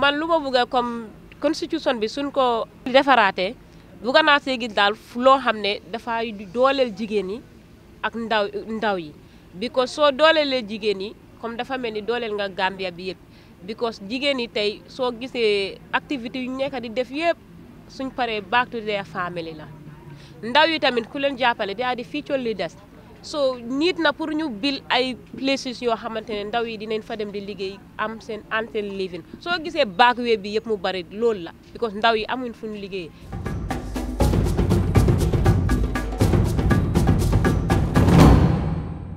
man lu ma bëgg comme constitution bi suñ ko defaraatee bëgg naa see gis daal loo xam ne dafay dooleel jigéen yi ak ndaw ndaw yi because soo dooleelee jigéen yi comme dafa mel ni dooleel nga Gambia bi yëpp because jigéen yi tey soo gisee activités yu nekk di def yëpp suñ paree back to their family la ndaw yi tamit ku leen jàppale daa di future leaders so nit na pour ñu bill ay places yoo xamante ne ndaw yi dinañ fa dem di liggéey am seen antenne living soo gisee back way bi yëpp mu bari loolu la because ndaw yi amuñ fu ñu liggéeyee